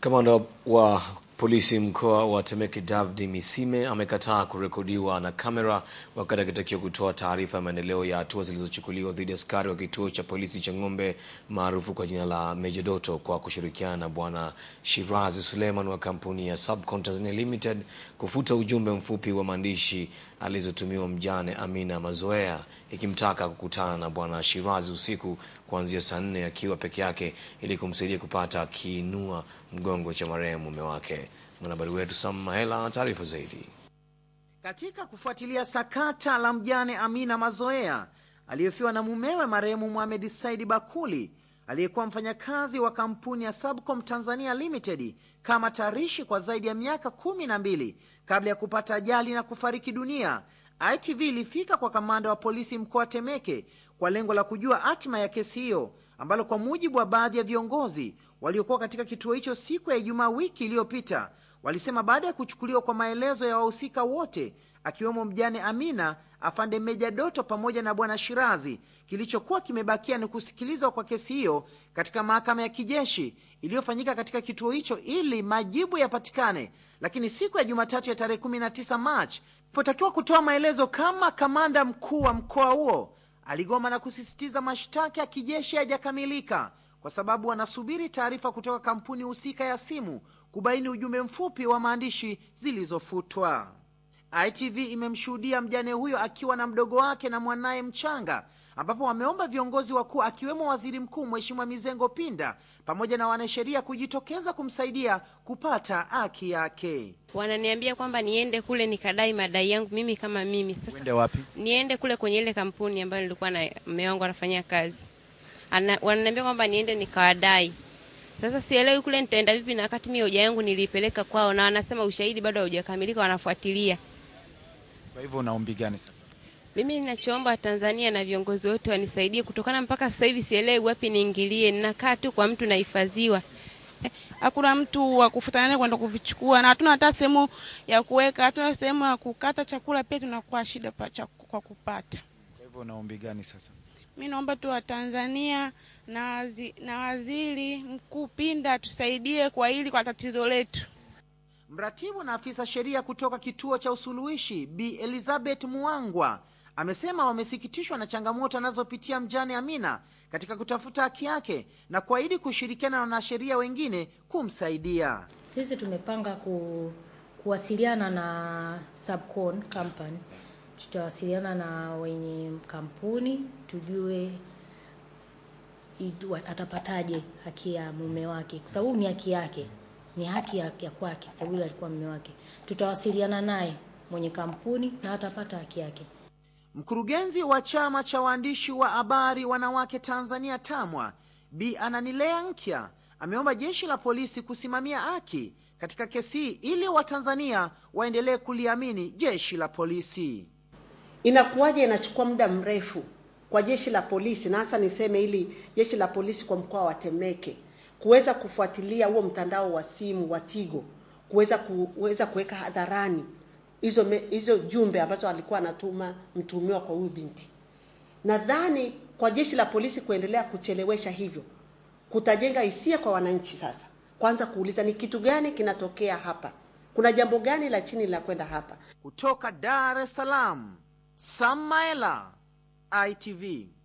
Kamanda wa polisi mkoa wa Temeke David Misime amekataa kurekodiwa na kamera wakati akitakiwa kutoa taarifa ya maendeleo ya hatua zilizochukuliwa dhidi ya askari wa kituo cha polisi cha Ng'ombe maarufu kwa jina la Meja Doto kwa kushirikiana na Bwana Shirazi Suleiman wa kampuni ya Sub Tanzania Limited kufuta ujumbe mfupi wa maandishi alizotumiwa mjane Amina Mazoea ikimtaka kukutana na Bwana Shirazi usiku kuanzia saa nne akiwa peke yake ili kumsaidia kupata kiinua mgongo cha marehemu mume wake. Mwanahabari wetu Sam Mahela ana taarifa zaidi. Katika kufuatilia sakata la mjane Amina Mazoea aliyofiwa na mumewe marehemu Mohamed Said Bakuli aliyekuwa mfanyakazi wa kampuni ya Subcom Tanzania Limited kama tarishi kwa zaidi ya miaka kumi na mbili kabla ya kupata ajali na kufariki dunia. ITV ilifika kwa kamanda wa polisi mkoa Temeke kwa lengo la kujua hatima ya kesi hiyo, ambalo kwa mujibu wa baadhi ya viongozi waliokuwa katika kituo hicho siku ya Ijumaa wiki iliyopita, walisema baada ya kuchukuliwa kwa maelezo ya wahusika wote akiwemo mjane Amina, afande Meja Doto pamoja na bwana Shirazi. Kilichokuwa kimebakia ni kusikilizwa kwa kesi hiyo katika mahakama ya kijeshi iliyofanyika katika kituo hicho ili majibu yapatikane. Lakini siku ya Jumatatu ya tarehe 19 Machi ipotakiwa kutoa maelezo kama kamanda mkuu wa mkoa huo aligoma na kusisitiza mashtaka ya kijeshi hayajakamilika kwa sababu wanasubiri taarifa kutoka kampuni husika ya simu kubaini ujumbe mfupi wa maandishi zilizofutwa. ITV imemshuhudia mjane huyo akiwa na mdogo wake na mwanaye mchanga ambapo wameomba viongozi wakuu akiwemo Waziri Mkuu Mheshimiwa Mizengo Pinda pamoja na wanasheria kujitokeza kumsaidia kupata haki yake. Wananiambia kwamba niende kule nikadai madai yangu mimi kama mimi. Sasa uende wapi? Niende kule kwenye ile kampuni ambayo nilikuwa na mume wangu anafanyia kazi. Ana, wananiambia kwamba niende nikawadai. Sasa sielewi kule nitaenda vipi na wakati mimi hoja yangu nilipeleka kwao na wanasema ushahidi bado haujakamilika wanafuatilia. Kwa hivyo unaombi gani sasa? Mimi ninachoomba Tanzania na viongozi wote wanisaidie, kutokana mpaka sasa hivi sielewi wapi niingilie, ninakaa tu kwa mtu nahifadhiwa hakuna mtu wa kufutana kwenda kuvichukua, na hatuna hata sehemu ya kuweka, hatuna sehemu ya kukata chakula, pia tunakuwa shida pa chaku, kwa kupata. Kwa hivyo naombi gani sasa? Mi naomba tu Watanzania na, wazi, na waziri mkuu Pinda tusaidie kwa hili, kwa tatizo letu. Mratibu na afisa sheria kutoka kituo cha usuluhishi Bi Elizabeth Muangwa amesema wamesikitishwa na changamoto anazopitia mjane Amina katika kutafuta haki yake na kuahidi kushirikiana na wanasheria wengine kumsaidia. Sisi tumepanga ku, kuwasiliana na Subcon Company, tutawasiliana na wenye kampuni tujue atapataje haki ya mume wake, kwa sababu ni haki yake ni haki ya, ya kwake. Sabila alikuwa mume wake, tutawasiliana naye mwenye kampuni na atapata haki yake. Mkurugenzi wa chama cha waandishi wa habari wanawake Tanzania TAMWA Bi Ananilea Nkya ameomba jeshi la polisi kusimamia haki katika kesi hii ili Watanzania waendelee kuliamini jeshi la polisi. Inakuwaje inachukua muda mrefu kwa jeshi la polisi, na hasa niseme hili jeshi la polisi kwa mkoa wa Temeke kuweza kufuatilia huo mtandao wa simu wa Tigo, kuweza kuweza kuweka hadharani hizo hizo jumbe ambazo alikuwa anatuma mtumiwa kwa huyu binti. Nadhani kwa jeshi la polisi kuendelea kuchelewesha hivyo kutajenga hisia kwa wananchi sasa kwanza kuuliza ni kitu gani kinatokea hapa, kuna jambo gani la chini la kwenda hapa. Kutoka Dar es Salaam, Samaela, ITV.